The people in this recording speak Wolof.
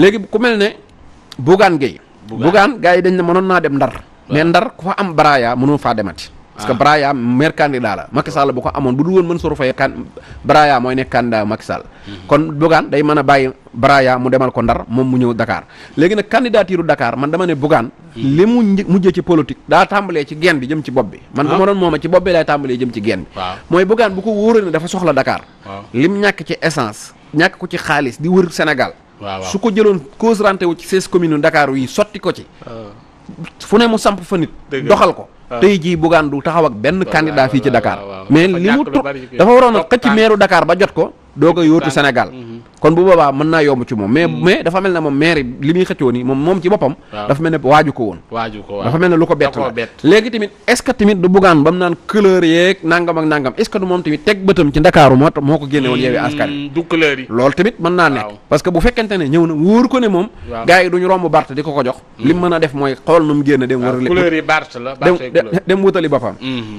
léegi ku mel ne Bougane Gueye Bougane gars yi dañ ne mënoon naa dem Ndar mais Ndar ku fa am Braya mënoo faa demati parce que ah. Braya maire candidat la Macky Sall bu ko amoon bu dul woon Mansour Faye kan Braya mooy nekk candidat Macky mhm. kon Bougane day mën a bàyyi Braya mu demal ko Ndar moom mu ñëw dakaar léegi nag candidature dakaar man dama ne buggaan mhm. li mu mujjee ci politique daa tàmbalee ci genn bi jëm ci bopp bi man ah. bu ma doon mooma ci bopp bi lay tàmbalee jëm ci genn bi mooy Bougane bu ko wóoree ne dafa soxla Dakar lim ñàkk ci essence ñàkk ko ci xaalis di wër Sénégal waaw su ko jëloon cause wu ci sees commune ndakaaru yi sotti ko ci. Ah. fu ne mu samp fa nit. doxal ko. Ah. tey jii Bougane du taxaw ak benn candidat fii ci Dakar. mais li mu toog dafa waroon a xëcc meeru Dakar ba jot ko doo ko yóotu Sénégal mhm. kon bu boobaa mën naa yomb ci moom mais mhm. mais dafa mel ne moom maire li muy xëccoo ni moom moom ci boppam dafa mel ne waaju ko woon waaju ko dafa mel ne lu ko bett la léegi tamit est ce que tamit du bugaan ba naan couleur yeeg nangam ak nangam est ce moom tamit teg bëtam ci Ndakaaru moo moo ko génne woon yeewi mm, askan du couleur yi loolu tamit mën naa nekk parce que bu fekkente ne ñëw na wóor ko ne moom gars duñu romb Bart ko jox li mm. a def mooy xool nu mu génn dem